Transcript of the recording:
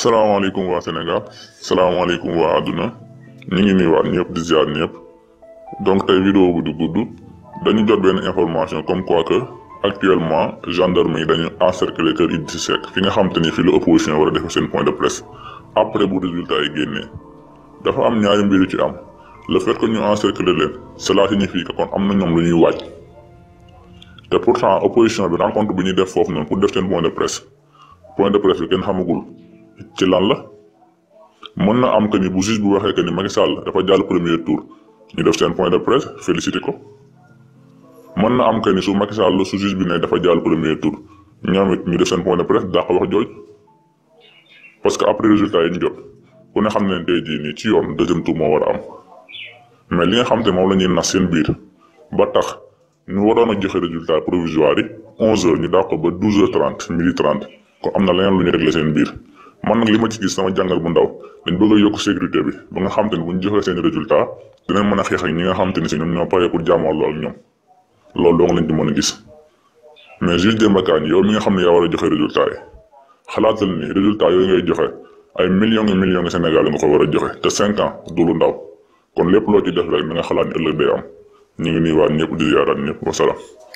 salaamaaleykum waa Sénégal salaamaaleykum waa àdduna ñu ngi nuyuwaat ñëpp di ziar ñëpp donc tey vidéo bu du gudd dañu jot benn information comme quoi que actuellement gendarme yi dañu encercler kër Idrissa Seck fi nga xam te ni fi la opposition war a def seen point de presse après bu résultat yi génnee dafa am ñaari mbir yu ci am le fait que ñu encercler leen cela signifie que kon am na ñoom lu ñuy waaj te pourtant opposition bi rencontre bi ñuy def foofu noonu pour def seen point de presse point de presse bi xamagul. ci lan la mën na am que ni bu juge bu waxee que ni Macky Sall dafa jàll premier tour ñu def seen point de presse félicité ko mën na am que ni su Macky Sall su juge bi ne dafa jàll premier tour ñoom ñu def seen point de presse dàq wax jooj parce que après résultat yi ñu jot ku ne xam ne tey jii nii ci yoon deuxième tour moo war a am mais li nga xam te moom la ñuy nas seen biir ba tax ñu waroon a joxe résultat provisoire yi 11h ñu dàq ko ba 12h30 midi 30 kon man nag li ma ci gis sama jàngal bu ndaw dañ bëgg yokk sécurité bi ba nga xam te bu ñu joxee seen résultat dinañ mën a xeex ak ñi nga xam te ne si ñoom ñoo paree pour jaamuwàllu ak ñoom loolu dong lañ ci mën a gis mais juge Demba Kandji yow mi nga xam ne yaa war a joxe résultat yi xalaatal ni résultat yooyu ngay joxe ay millions et millions de Sénégal nga ko war a joxe te cinq ans du lu ndaw kon lépp loo ci def rek na nga xalaat ni ëllëg day am ñu ngi nuyuwaat ñëpp di ziaraat ñëpp